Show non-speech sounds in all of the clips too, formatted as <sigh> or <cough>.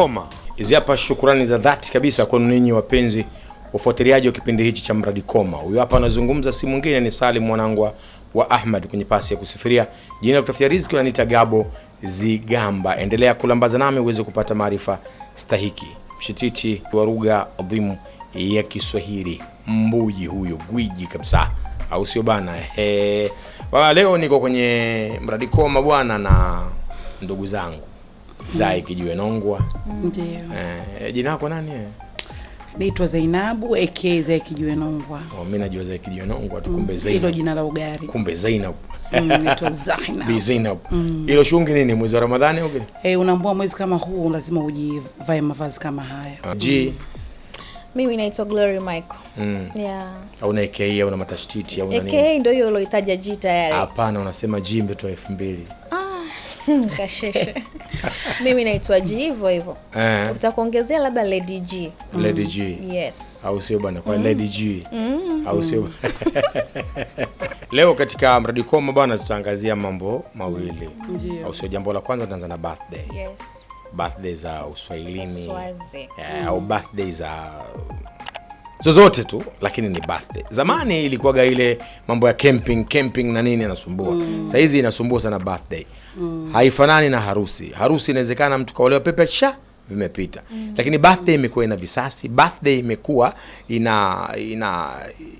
Koma. Hizi hapa shukurani za dhati kabisa kwenu ninyi wapenzi ufuatiliaji wa kipindi hichi cha Mradi Koma. Huyu hapa anazungumza, si mwingine ni Salim mwanangu wa Ahmad kwenye pasi ya kusafiria. Jina la kutafutia riziki unaniita Gabo Zigamba. Endelea kulambaza nami uweze kupata maarifa stahiki. Mshititi wa lugha adhimu ya Kiswahili, mbuji huyo, gwiji kabisa, au sio bana? Ehe, leo niko kwenye Mradi Koma bwana na ndugu zangu Zai kijiwe nongwa. Ndio. Eh, jina lako nani? Eh? Naitwa Zainabu aka Zai kijiwe nongwa. Oh, mimi najua Zai kijiwe nongwa tu, kumbe mm, Zainabu. Hilo jina la ugari. Kumbe Zainabu. Mm, naitwa Zainabu. <laughs> Bi Zainabu. Mm. Hilo shungi nini mwezi wa Ramadhani au gani? Eh, unaambua mwezi kama huu lazima ujivae mavazi kama haya. Ji. Ah, mimi naitwa Glory Michael. Mm. Yeah. Au na AKA au na matashtiti au na nini? AKA ndio hiyo ulioitaja G tayari. Hapana, unasema G imetwa 2000. Ah. Hmm, kasheshe. <laughs> Mimi naitwa G hivyo hivyo. Eh. Utakuongezea labda Lady G. Hmm. Lady G. Yes. Au sio bana? Kwa hmm. Lady G. Au sio? <laughs> Leo katika mradi Koma bana tutaangazia mambo mawili. mm. Au sio? Jambo la kwanza tunaanza na birthday. Yes. Birthday za Uswahilini. yeah, Au birthday za zozote tu, lakini ni birthday. Zamani ilikuwaga ile mambo ya camping camping na nini anasumbua mm. Sasa hizi inasumbua sana birthday mm. Haifanani na harusi. Harusi inawezekana mtu kaolewa pepe sha vimepita mm. Lakini birthday imekuwa ina visasi, birthday imekuwa ina ina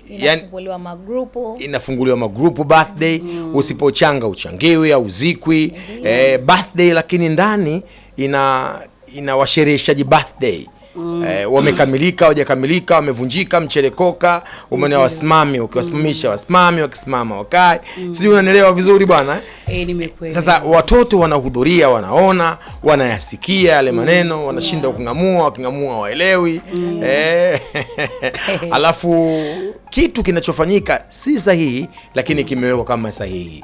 inafunguliwa yani, magrupu inafunguliwa magrupu birthday mm. Usipochanga uchangiwi au uzikwi mm. Eh, birthday lakini ndani ina ina washereheshaji birthday mm. eh, wamekamilika wajakamilika, wamevunjika, mchelekoka, umeona mm. wasimami, ukiwasimamisha mm. wasimami, wakisimama wakae mm. sijui unanielewa vizuri bwana eh? eh sasa watoto wanahudhuria, wanaona, wanayasikia yale mm. maneno, wanashindwa yeah. kung'amua, waking'amua waelewi mm. eh, <laughs> alafu kitu kinachofanyika si sahihi, lakini kimewekwa kama sahihi,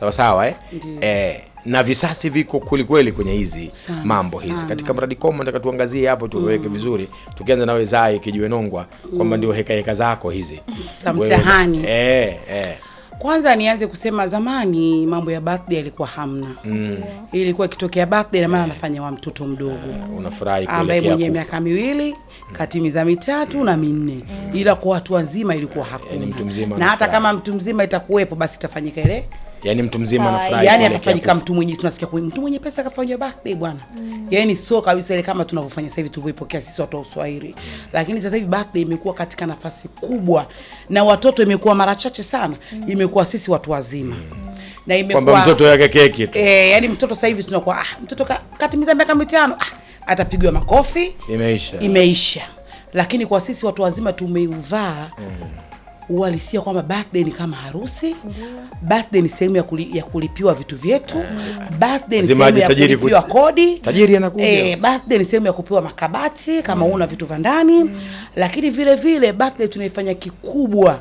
sawa sawa eh, eh na visasi viko kwelikweli kwenye hizi sana, mambo hizi. sana. Katika mradi Komo nataka tuangazie hapo tuweke mm. vizuri, tukianza nawe Zai Kijiwe Kijiwenongwa kwamba mm. ndio heka heka zako hizi <laughs> mtihani eh, eh. Kwanza nianze kusema zamani mambo ya birthday yalikuwa hamna. Mm. Ilikuwa ikitokea birthday na maana yeah. anafanya wa mtoto mdogo. Uh, unafurahi kuelekea ambaye mwenye miaka miwili, mm. katimiza mitatu mm. na minne. Mm. Ila kwa watu wazima ilikuwa hakuna. E, na hata kama mtu mzima itakuwepo basi itafanyika ile Yaani mtu mzima ah, anafurahi. Yaani atafanyika mtu mwenye tunasikia kwa mtu mwenye pesa kafanya birthday bwana. Mm. Yaani sio kabisa ile kama tunavyofanya sasa hivi tulivyoipokea sisi watu wa Uswahili. Mm. Lakini sasa hivi birthday imekuwa katika nafasi kubwa na watoto imekuwa mara chache sana. Mm. Imekuwa sisi watu wazima. Mm. Na imekuwa kwamba mtoto yake keki tu. Eh, yaani mtoto sasa hivi tunakuwa ah mtoto ka, katimiza miaka mitano ah atapigwa makofi. Imeisha. Imeisha. Lakini kwa sisi watu wazima tumeuvaa. Mm uhalisia kwamba birthday ni kama harusi. Birthday ni sehemu ya, kuli, ya kulipiwa vitu vyetu. Eh. Birthday ni sehemu ya kulipiwa kodi. Tajiri anakuja. Eh, birthday ni sehemu ya kupewa makabati kama mm. una vitu vya ndani mm. Lakini vile vile birthday tunaifanya kikubwa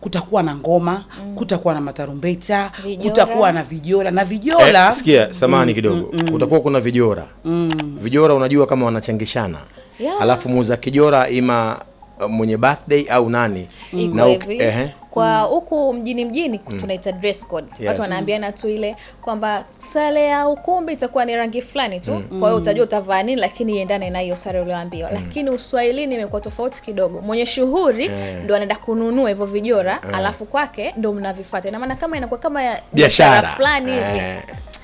kutakuwa na ngoma mm. kutakuwa na matarumbeta kutakuwa na vijora na vijora eh, sikia samani mm, kidogo mm, mm. kutakuwa kuna vijora mm. vijora unajua kama wanachangishana yeah. alafu muuza kijora ima Uh, mwenye birthday au nani na ehe kwa huku mjini mjini mm. tunaita dress code yes. Watu wanaambiana tu ile kwamba sare ya ukumbi itakuwa ni rangi fulani tu mm. Kwa hiyo mm. utajua utavaa nini, lakini iendane na hiyo sare ulioambiwa mm. Lakini uswahilini imekuwa tofauti kidogo, mwenye shughuri yeah. Ndo anaenda kununua hivyo vijora yeah. Alafu kwake ndo mnavifuata, inamaana maana kama inakuwa kama biashara fulani hivi yeah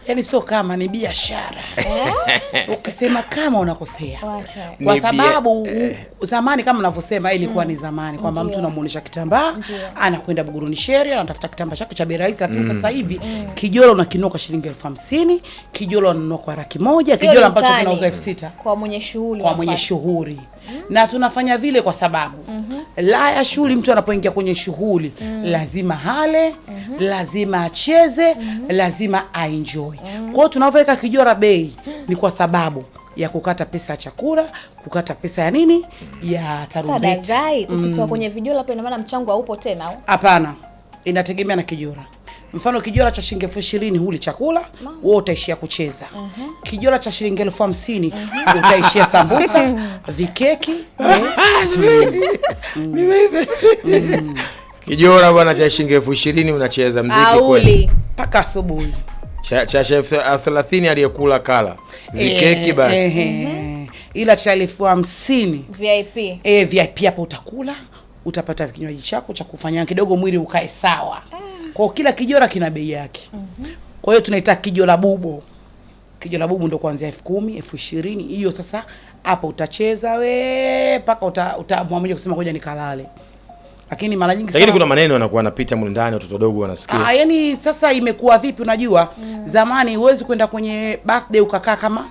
yani sio kama ni biashara <laughs> ukisema kama unakosea, kwa sababu eh. zamani kama unavyosema ilikuwa mm. ni zamani kwamba mtu unamuonesha kitambaa anakwenda Buguruni Sheri anatafuta kitambaa chake cha bei rahisi, lakini mm. sasa hivi mm. kijolo unakinua kwa shilingi elfu hamsini kijolo unanunua kwa laki moja kijolo ambacho kinauza elfu sita kwa mwenye shughuli kwa mwenye shughuli Mm-hmm. na tunafanya vile kwa sababu mm -hmm. la ya shughuli, mtu anapoingia kwenye shughuli mm -hmm. lazima hale mm -hmm. lazima acheze mm -hmm. lazima aenjoy mm -hmm. kwao tunavyoweka kijora bei ni kwa sababu ya kukata pesa ya chakula, kukata pesa ya nini mm. ya tarumbeta. Ukitoa mm. kwenye vijora ina maana mchango haupo tena au? Hapana, inategemea na kijora. Mfano kijola cha shilingi elfu ishirini huli chakula wewe utaishia kucheza. uh mhm. -huh. Kijola cha shilingi elfu hamsini uh mhm. -huh. utaishia sambusa <laughs> vikeki <laughs> mm. mm. kijora bwana cha shilingi elfu ishirini unacheza mziki kweli mpaka asubuhi cha cha thelathini aliyekula kala eh, vikeki basi, mhm. ila cha elfu hamsini VIP eh, VIP hapo utakula utapata kinywaji chako cha kufanya kidogo mwili ukae sawa. Kwa kila kijora kina bei yake. Mhm. Kwa hiyo tunaita kijola bubo. Kijola bubu ndo kuanzia elfu kumi elfu ishirini hiyo sasa, hapo utacheza we mpaka uta, kusema ngoja nikalale. Lakini mara nyingi sana, lakini kuna maneno yanakuwa yanapita mle ndani, watoto wadogo wanasikia. Ah, yani sasa imekuwa vipi? Unajua mm. Zamani huwezi kwenda kwenye birthday ukakaa kama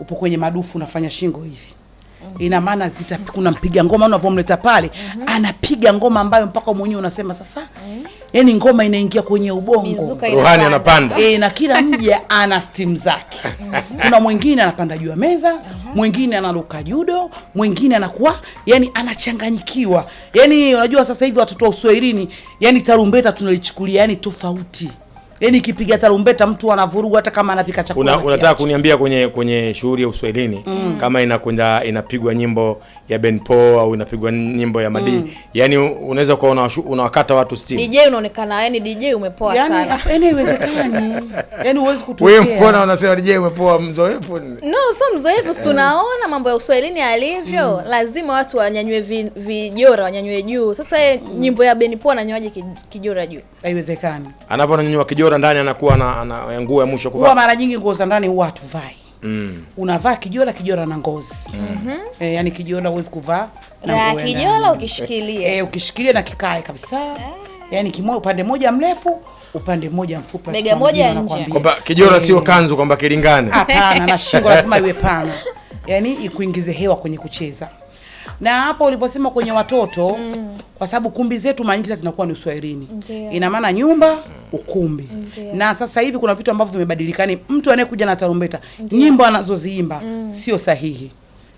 upo kwenye madufu unafanya shingo hivi -hmm. ina maana kuna mpiga ngoma unavyomleta pale mm -hmm. anapiga ngoma ambayo mpaka mwenyewe unasema sasa mm -hmm. Yani ngoma inaingia kwenye ubongo, rohani anapanda e, na kila mja ana stim zake. Mm-hmm. Kuna mwingine anapanda juu ya meza, uh-huh. mwingine analuka judo, mwingine anakuwa yani anachanganyikiwa. Yani unajua sasa hivi watoto wa uswahilini, yani tarumbeta tunalichukulia yani tofauti Yaani kipiga tarumbeta mtu anavurugu hata kama anapika chakula. Una, unataka kuniambia kwenye kwenye shughuli ya Uswahilini mm. kama inakwenda inapigwa nyimbo ya Ben Paul au inapigwa nyimbo ya Madi. Mm. Yaani unaweza kuwa unawakata watu steam. DJ unaonekana yani DJ umepoa yani, sana. Yaani haiwezekani. <laughs> Yaani huwezi kutokea. Wewe mbona unasema DJ umepoa mzoefu? No, so mzoefu, tunaona mambo ya Uswahilini alivyo. Mm. Lazima watu wanyanywe vijora, vi wanyanywe juu. Sasa mm. nyimbo ya Ben Paul ananyoaje kijora juu? Haiwezekani. Anavyonyanyua kijora ndani anakuwa na, na nguo ya mwisho kuvaa. mara nyingi nguo za ndani huwa hatuvai. Mm. Unavaa kijora kijora na ngozi. Mm -hmm. E, yani kijora huwezi kuvaa na nguo. Kijora ukishikilia. Eh, ukishikilia na kikae kabisa. Yeah. Yaani kimoja upande mmoja mrefu, upande mmoja mfupi. Bega moja nje. Kwamba kijora sio eh. kanzu kwamba kilingane. Hapana, na shingo lazima <laughs> iwe pana. Yaani ikuingize hewa kwenye kucheza na hapo uliposema kwenye watoto mm. kwa sababu kumbi zetu mara zinakuwa ni uswahilini, ina maana nyumba, mm. ukumbi. Ndia. na sasa hivi kuna vitu ambavyo vimebadilikani mtu anayekuja na tarumbeta, nyimbo anazoziimba mm. sio sahihi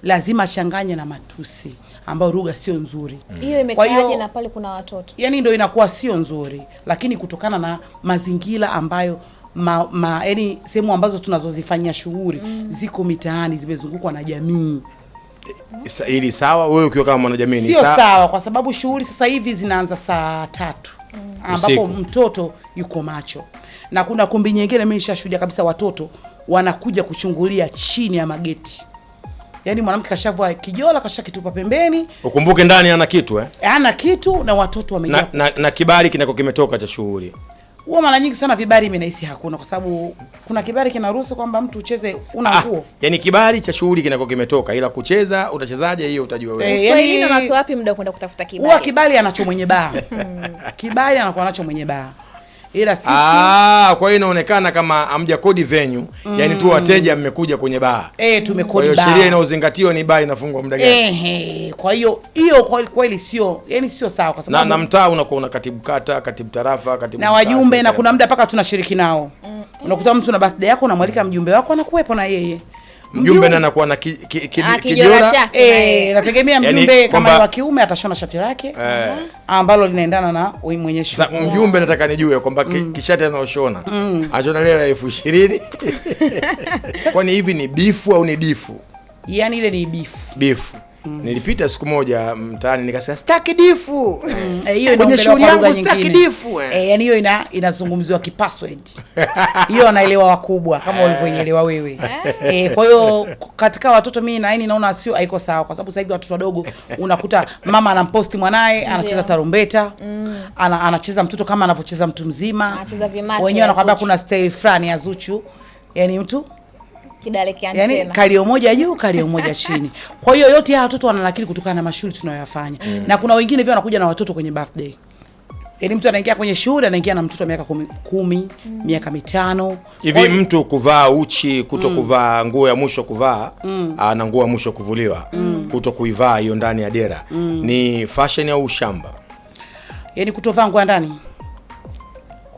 lazima changanye na matusi ambayo lugha sio nzuri. Mm. Hiyo imekaaje na pale kuna watoto? Yaani ndio inakuwa sio nzuri, lakini kutokana na mazingira ambayo ma, ma, yani sehemu ambazo tunazozifanyia shughuli mm. ziko mitaani, zimezungukwa na jamii ili sawa, wewe ukiwa kama mwanajamii sio sawa. Sawa, kwa sababu shughuli sasa hivi zinaanza saa tatu mm. ambapo mtoto yuko macho na kuna kumbi nyingine mimi nishashuhudia kabisa watoto wanakuja kuchungulia chini ya mageti. Yaani mwanamke kashavua kijola kashakitupa pembeni. Ukumbuke ndani ana kitu eh? Ana kitu na watoto wamejaa. Na, na, na kibali kinako kimetoka cha shughuli. Huwa mara nyingi sana vibari mimi nahisi hakuna kwa sababu kuna kibari kinaruhusu kwamba mtu ucheze una ah, nguo. Ah, yaani kibari cha shughuli kinako kimetoka ila kucheza utachezaje hiyo utajua wewe. Eh, Swahili yani, so, na watu wapi muda kwenda kutafuta kibali? Huwa kibali anacho mwenye baa. <laughs> Hmm. kibali anakuwa anacho mwenye baa ila sisi ah, kwa hiyo inaonekana kama amja kodi venue yaani mm. Yani tu wateja mmekuja kwenye baa eh, tumekodi baa. Kwa hiyo sheria inayozingatiwa ni baa inafungwa muda gani? Eh, kwa hiyo hiyo kweli sio, yani sio sawa, kwa sababu na, na mtaa unakuwa una katibu kata, katibu tarafa, katibu na wajumbe, na kuna muda mpaka tunashiriki nao mm, mm. Unakuta mtu na birthday yako unamwalika mjumbe wako anakuwepo na yeye mjumbe na anakuwa na ki, ah, eh, nategemea yaani mjumbe yani, kama wa kiume atashona shati lake eh, ah, ambalo linaendana na mwenye Sasa Mjumbe oh. nataka nijue kwamba mm, kishati anaoshona mm, anashona lile elfu ishirini <laughs> kwani hivi ni bifu au ni difu? Yani ile ni bifu bifu Mm. Nilipita siku moja mtaani nikasema sitaki difu. Mm. Eh, hiyo ndio shughuli yangu sitaki difu. Eh, yani hiyo ina inazungumziwa kipassword <laughs> Hiyo wanaelewa wakubwa kama ulivyoelewa wewe. Eh. eh, kwa hiyo katika watoto mimi na naona sio haiko sawa kwa sababu sasa hivi watoto wadogo unakuta mama anamposti mwanae anacheza tarumbeta. Mm. Ana, anacheza mtoto kama anavyocheza mtu mzima. Anacheza vimacho. Wenyewe anakwambia kuna style fulani ya Zuchu. yani mtu kidale kia yaani antena. Yani kalio moja juu, kalio moja chini. Kwa hiyo yote haya watoto wananakili kutokana na mashughuli tunayoyafanya. Mm. Na kuna wengine pia wanakuja na watoto kwenye birthday. Yaani mtu anaingia kwenye shughuli anaingia na mtoto miaka kumi, kumi mm. miaka mitano. Hivi mtu kuvaa uchi, kuto mm. kuvaa nguo ya mwisho kuvaa mm. Ah, na nguo ya mwisho kuvuliwa, mm. kuto kuivaa hiyo ndani ya dera mm. ni fashion au ushamba? Yaani kutovaa nguo ndani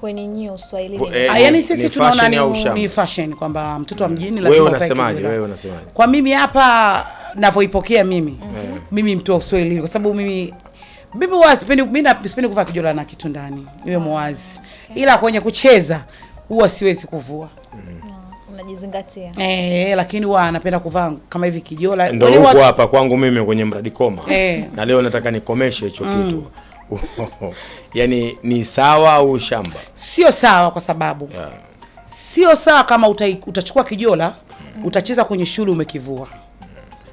kwenye nyinyi Uswahili. Eh, ah, yani sisi tunaona ni, ni fashion kwamba mtoto wa mjini lazima. Wewe unasemaje? Wewe unasemaje? Kwa mimi hapa navyoipokea mimi mm -hmm. mimi mtu wa Uswahili kwa sababu mimi mimi huwa sipendi mimi na sipendi kuvaa kijola na kitu ndani niwe muwazi. okay. ila kwenye kucheza huwa siwezi kuvua mm. Unajizingatia eh, lakini huwa anapenda kuvaa kama hivi kijola. Ndio huko hapa kwangu mimi kwenye mradi koma eh. na leo nataka nikomeshe hicho mm. kitu <laughs> yani ni sawa au shamba? Sio sawa kwa sababu yeah. Sio sawa kama uta, utachukua kijola mm. Utacheza kwenye shule umekivua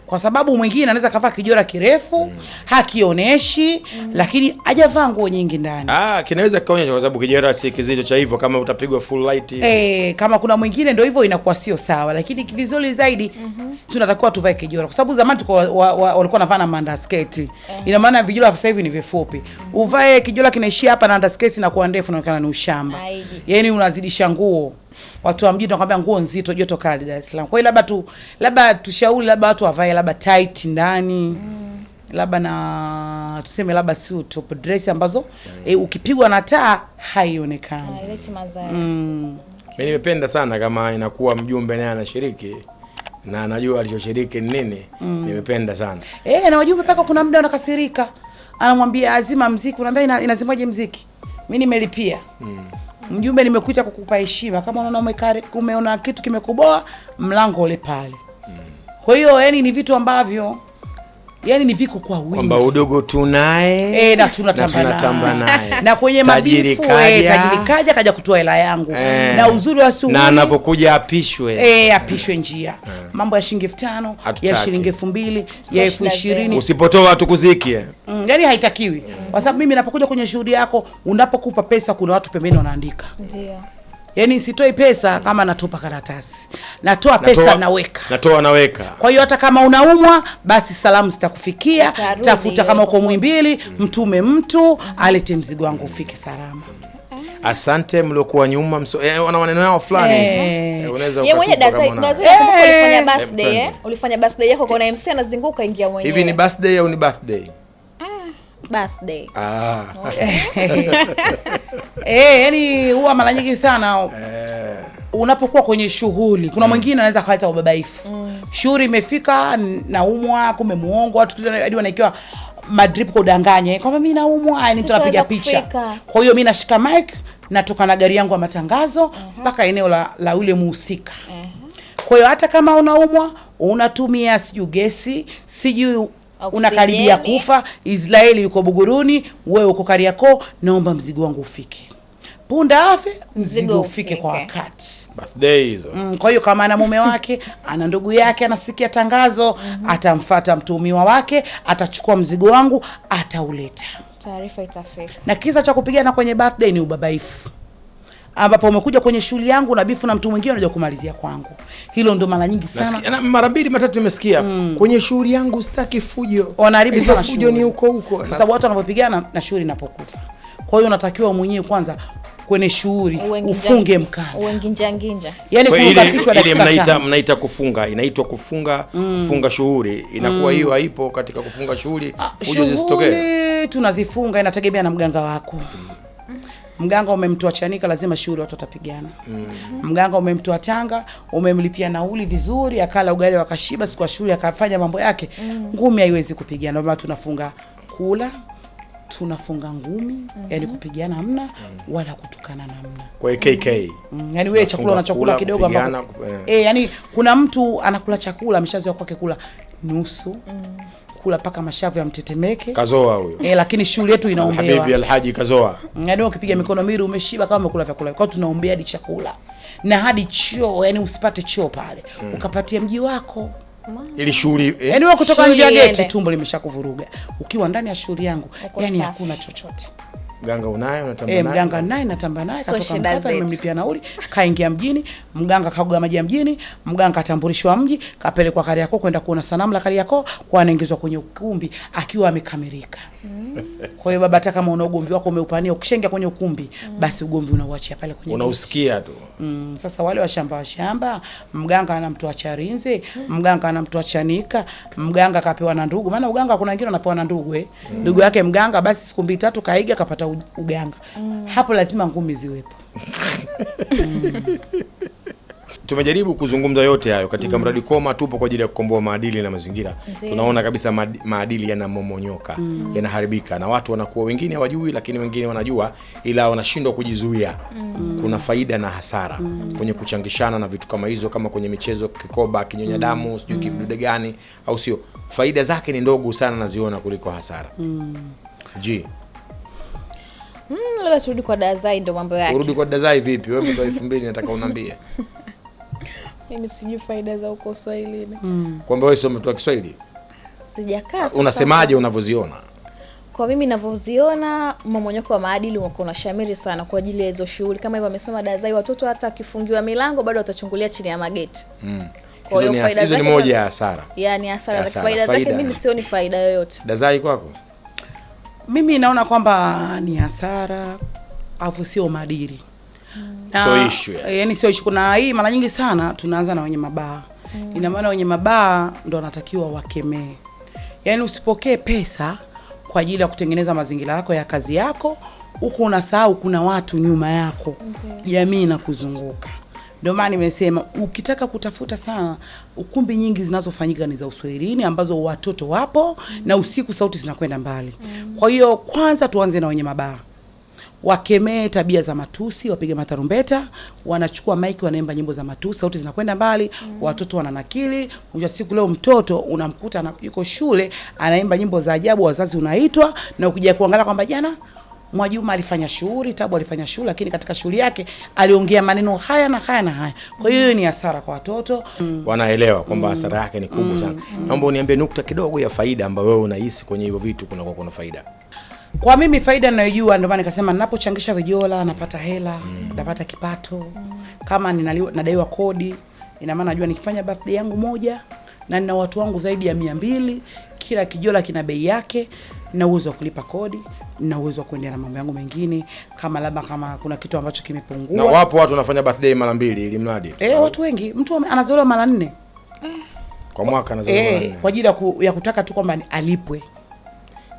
kwa sababu mwingine anaweza kavaa kijora kirefu mm. hakioneshi mm. lakini hajavaa nguo nyingi ndani. Ah, kinaweza kaonyesha kwa sababu kijora si kizito cha hivyo, kama utapigwa full light eh, kama kuna mwingine ndio hivyo inakuwa sio sawa, lakini vizuri zaidi mm -hmm. tunatakiwa tuvae kijora kwa sababu zamani tulikuwa walikuwa wanavaa na mandasketi mm. Eh. ina maana vijora sasa hivi ni vifupi, mm. uvae kijora kinaishia hapa na mandasketi na kuwa ndefu inaonekana ni ushamba, yani unazidisha nguo watu wa mjini wanakwambia nguo nzito, joto kali Dar es Salaam. Kwa hiyo labda tu labda tushauri labda watu wavae labda tight ndani mm. labda na tuseme labda sio top dress ambazo mm. e, ukipigwa na taa haionekani haileti ah, madhara mm. Mimi nimependa sana kama inakuwa mjumbe naye anashiriki na anajua alichoshiriki ni nini. Mm. Nimependa sana e, na wajumbe paka kuna muda wanakasirika, anamwambia azima mziki, unaambia inazimaje mziki, mimi nimelipia mm. Mjumbe, nimekuja kukupa heshima. Kama unaona umeona kitu kimekuboa, mlango ule pale. Mm. Kwa hiyo yani ni vitu ambavyo yani ni viko kwa wingi kwamba udogo tunaye e, na tunatamba naye na kwenye mabifu e, eh, tajiri kaja kaja kutoa hela yangu e, na uzuri wa suhuli na anapokuja apishwe e, apishwe njia e, mambo ya shilingi 5000 ya shilingi 2000 ya 2020 ishirini usipotoa tukuzikie mm, yani haitakiwi kwa mm sababu mimi napokuja kwenye shughuli yako unapokupa pesa kuna watu pembeni wanaandika ndio Yaani sitoi pesa kama natupa karatasi, natoa pesa natoa, naweka natoa naweka. Kwa hiyo hata kama unaumwa basi salamu zitakufikia, tafuta kama uko Mwimbili, mtume mtu alete mzigo wangu ufike salama. Asante mliokuwa nyuma mso, eh, wana maneno yao fulani eh. Eh, unaweza ukafanya eh. birthday eh, ulifanya birthday yako kwa MC anazunguka ingia mwenyewe. Hivi ni birthday au ni birthday? birthday. Ah. <laughs> Eh, yani huwa mara nyingi sana eh, unapokuwa kwenye shughuli kuna mm. mwingine mm. anaweza kaleta ubabaifu mm. shughuli imefika, naumwa, kume muongo, watu hadi wanaikiwa madrip kwa udanganye kwamba mimi naumwa, ni yaani mtu anapiga picha. Kwa hiyo mimi nashika mic natoka na gari yangu ya matangazo uh-huh. mpaka uh -huh. eneo la, la ule muhusika uh -huh. Kwa hiyo hata kama unaumwa unatumia sijui gesi sijui unakaribia kufa. Israeli yuko Buguruni, wewe uko Kariakoo, naomba mzigo wangu ufike. Punda afe mzigo ufike kwa wakati. Birthday hizo. Mm, kwa hiyo kama ana mume wake ana ndugu yake anasikia tangazo mm -hmm. Atamfata mtuhumiwa wake, atachukua mzigo wangu, atauleta, taarifa itafika. Na kisa cha kupigana kwenye birthday ni ubabaifu ambapo umekuja kwenye shughuli yangu na bifu na mtu mwingine unaja kumalizia kwangu. Hilo ndo mara nyingi sana, mara mbili matatu nimesikia mm. kwenye shughuli yangu sitaki fujo, wanaharibu sana fujo, ni huko huko. Sasa watu wanapopigana na shughuli inapokufa. Kwa hiyo unatakiwa mwenyewe kwanza kwenye shughuli ufunge mkanda, uwenginja nginja, yani kuunga kichwa dakika tano. Mnaita mnaita kufunga, inaitwa kufunga mm. kufunga shughuli inakuwa mm. hiyo mm. haipo katika kufunga shughuli, ah, fujo zisitokee. Tunazifunga, inategemea na mganga wako mm. Mganga umemtoa Chanika, lazima shughuli watu watapigana. mm. Mganga umemtoa Tanga, umemlipia nauli vizuri, akala ugali wakashiba, siku ya shughuli akafanya mambo yake. mm. Ngumi haiwezi kupigana, maana tunafunga kula tunafunga ngumi mm -hmm. Yani mhm. kupigana hamna mm -hmm. wala kutukana namna. Kwa KK mm, yani wewe chakula unachokula kidogo ambapo eh. eh, yani kuna mtu anakula chakula ameshazoea kwake kula nusu mm -hmm kula mpaka mashavu ya mtetemeke. Kazoa huyo. Eh, lakini shule yetu inaombewa. Habibi Alhaji Kazoa. Yaani ukipiga mikono miri umeshiba kama umekula vyakula. Kwa tunaombea hadi chakula. Na hadi choo, yani usipate choo pale. Mm. Ukapatia mji wako. Ili shughuli eh. Yaani wewe kutoka nje ya geti tumbo limeshakuvuruga. Ukiwa ndani ya shughuli yangu, yani hakuna chochote mganga unaye unatamba eh, naye, mganga naye natamba naye, so katoka Mtata nimemlipia nauli, kaingia mjini, mganga kagua maji ya mjini, mganga katambulishwa mji, kapelekwa Kariakoo kwenda kuona sanamu la Kariakoo, kwa anaingizwa kwenye ukumbi akiwa amekamilika. Mm. Kwa hiyo baba, hata kama una ugomvi wako umeupania, ukishaingia kwenye ukumbi mm, basi ugomvi unauachia pale kwenye unausikia tu. Mm. Sasa wale washamba washamba, mganga anamtoa Charinze, mm. mganga anamtoa Chanika, mganga kapewa na ndugu, maana uganga kuna wengine wanapewa na ndugu eh, mm. ndugu yake mganga, basi siku mbili tatu kaiga kapata uganga mm. hapo lazima ngumi ziwepo mm. <laughs> Tumejaribu kuzungumza yote hayo katika mm. mradi Koma. Tupo kwa ajili ya kukomboa maadili na mazingira. Tunaona kabisa maadili yanamomonyoka mm. yanaharibika, na watu wanakuwa wengine hawajui, lakini wengine wanajua, ila wanashindwa kujizuia mm. kuna faida na hasara mm. kwenye kuchangishana na vitu kama hizo, kama kwenye michezo, kikoba, kinyonya mm. damu mm. sijui kividude gani, au sio? Faida zake ni ndogo sana, naziona kuliko hasara mm. ji Mm, labda turudi kwa Dazai ndo mambo yake. Urudi kwa Dazai vipi? Wewe mtoto elfu mbili nataka uniambie. <laughs> Mimi sijui faida za uko Swahilini. Mm. Kwamba wewe sio mtu wa Kiswahili? Sijakaa. Unasemaje unavyoziona? Kwa mimi ninavyoziona mmomonyoko wa maadili uko unashamiri sana kwa ajili ya hizo shughuli. Kama hivyo amesema Dazai, watoto hata akifungiwa milango bado watachungulia chini ya mageti. Mm. Hizo hiyo ni moja ya hasara. Yaani hasara, faida zake mimi sioni faida yoyote. Dazai kwako? Mimi naona kwamba ni hasara afu sio madiri mm. Na, so issue Yani sio issue. Kuna hii mara nyingi sana tunaanza na wenye mabaa mm. Ina maana wenye mabaa ndo wanatakiwa wakemee, yaani usipokee pesa kwa ajili ya kutengeneza mazingira yako ya kazi yako, huku unasahau kuna watu nyuma yako, jamii okay, inakuzunguka. Ndio maana nimesema ukitaka kutafuta sana, ukumbi nyingi zinazofanyika ni za uswahilini ambazo watoto wapo mm. na usiku sauti zinakwenda mbali mm. kwa hiyo kwanza tuanze na wenye mabaa wakemee tabia za matusi, wapige matarumbeta, wanachukua maiki, wanaimba nyimbo za matusi, sauti zinakwenda mbali mm. watoto wananakili. Unajua, siku leo mtoto unamkuta yuko shule anaimba nyimbo za ajabu, wazazi unaitwa na ukija kuangalia kwamba jana Mwajuma alifanya shughuli, Tabu alifanya shughuli, lakini katika shughuli yake aliongea maneno haya na haya na haya. Kwa hiyo ni hasara kwa watoto, wanaelewa kwamba mm. hasara yake ni kubwa mm. sana. Naomba uniambie nukta kidogo ya faida ambayo wewe unahisi kwenye hivyo vitu, kuna kwa kuna faida kwa mimi faida ninayojua, ndio maana nikasema ninapochangisha vijola napata hela mm. napata kipato kama nadaiwa kodi, ina maana najua nikifanya birthday yangu moja na nina watu wangu zaidi ya mia mbili, kila kijola kina bei yake na uwezo wa kulipa kodi na uwezo wa kuendelea na mambo yangu mengine, kama labda kama kuna kitu ambacho kimepungua. Na wapo watu wanafanya birthday mara mbili ili mradi eh, watu wengi, mtu anazolewa mara nne kwa mwaka anazaliwa eh, kwa ajili ya kutaka tu kwamba alipwe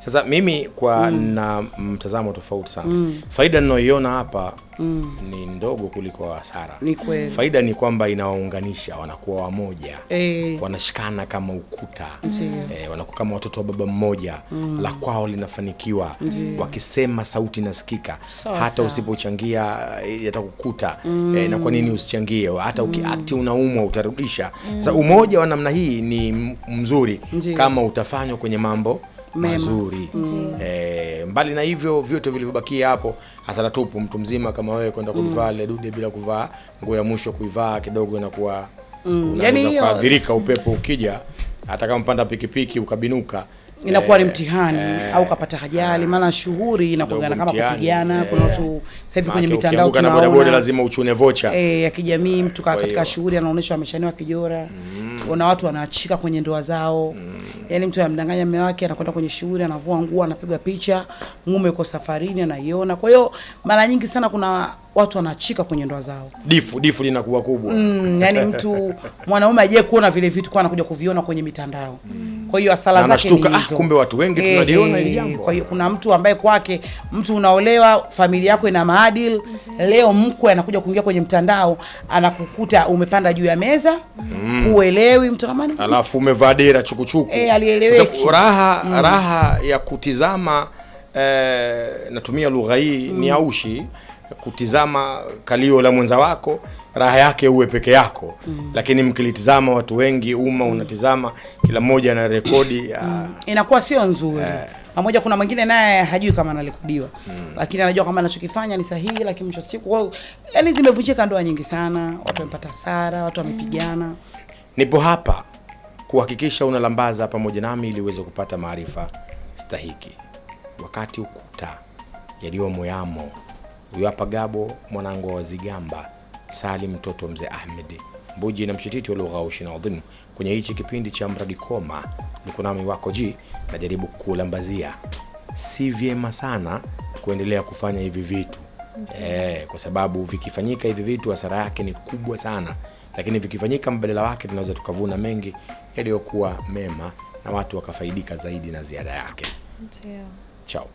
sasa mimi kwa mm. na mtazamo tofauti sana mm. faida ninayoiona hapa mm. ni ndogo kuliko hasara. Ni kweli. Faida ni kwamba inawaunganisha, wanakuwa wamoja e. wanashikana kama ukuta e, wanakuwa kama watoto wa baba mmoja mm. la kwao linafanikiwa wakisema sauti inasikika so, hata usipochangia eh, yatakukuta mm. e, na kwa nini usichangie? hata ukiakti mm. unaumwa utarudisha. Mm. Sasa umoja wa namna hii ni mzuri Ndiyo. kama utafanywa kwenye mambo mazuri mm. eh, mbali na hivyo vyote vilivyobakia hapo hasara tupu. Mtu mzima kama wewe kwenda mm. kuvaa mm. dude bila kuvaa nguo ya mwisho, kuivaa kidogo inakuwa mm. yani kuadhirika, upepo ukija, hata kama mpanda pikipiki ukabinuka inakuwa ni eh, mtihani eh, au kapata ajali, eh, maana shughuli inakuwa kama kupigana eh. Kuna watu sasa hivi kwenye mitandao tunaona boda bodaboda lazima uchune vocha eh, ya kijamii. Mtu kwa katika shughuli anaonyesha ameshaniwa kijora mm. Kuna watu wanaachika kwenye ndoa zao mm. yani mtu anamdanganya mume wake, anakwenda kwenye shughuli, anavua nguo, anapigwa picha, mume uko safarini, anaiona. Kwa hiyo mara nyingi sana kuna watu wanachika kwenye ndoa zao, difu difu linakuwa kubwa mm, yani mtu <laughs> mwanaume ajaye kuona vile vitu kwa anakuja kuviona kwenye mitandao mm. Kwa hiyo asala zake ni Ah, kumbe watu wengi hey, tunaliona hili eh, jambo. Kwa hiyo kuna mtu ambaye kwake mtu unaolewa, familia yako ina maadili okay. Leo mkwe anakuja kuingia kwenye mtandao anakukuta umepanda juu ya meza mm. Uelewi mtu namani, alafu umevaa dera chukuchuku eh, alieleweki raha mm. Raha ya kutizama eh, natumia lugha hii mm. ni aushi kutizama kalio la mwenza wako raha yake uwe peke yako mm. Lakini mkilitizama watu wengi, umma unatizama, kila mmoja ana rekodi mm. Inakuwa sio nzuri eh. Pamoja kuna mwingine naye hajui kama analekodiwa mm. Lakini anajua kama anachokifanya ni sahihi, lakini mwisho siku kwao, yani zimevunjika ndoa nyingi sana, watu wamepata sara watu wamepigana mm. Nipo hapa kuhakikisha unalambaza pamoja nami ili uweze kupata maarifa stahiki, wakati ukuta yaliyomoyamo yamo huyu hapa Gabo mwanangu wa Zigamba Salim mtoto mzee Ahmed Mbuji na mshititi wa lugha ushi na udhinu. Kwenye hichi kipindi cha mradi koma, niko nami wako ji, najaribu kulambazia si vyema sana kuendelea kufanya hivi vitu e, kwa sababu vikifanyika hivi vitu hasara yake ni kubwa sana, lakini vikifanyika mbadala wake tunaweza tukavuna mengi yaliyokuwa mema na watu wakafaidika zaidi na ziada yake. Chao.